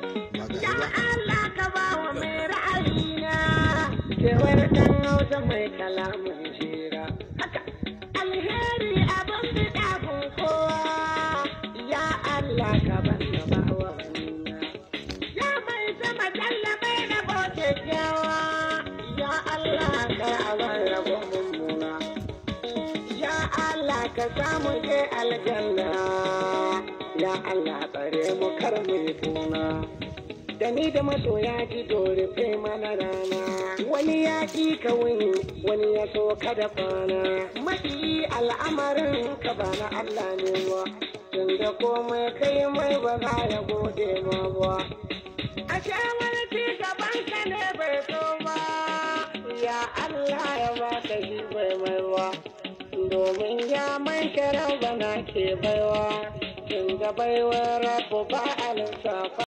Ya Allah ka ba wa mai ra'ayina, cewar mai kalamun alheri abin fiɗa kowa, ya Allah ka ban da ba wa Ya mai sama ya Allah ka abar rabo Ya Allah ka samu je aljanna, ya Allah tsare mu kar mu tuna. da ni da masoya ji dore kai mana rana wani ya ki ka wani ya so ka da kwana mafi al'amarin ka ba na Allah ne ba tun da komai kai mai ba za ya gode ma ba a wani ci gaban ka ne bai so ba ya Allah ya ba ka shi bai mai ba domin ya mai karau bana ke baiwa tun da baiwar rabu ba a lissafa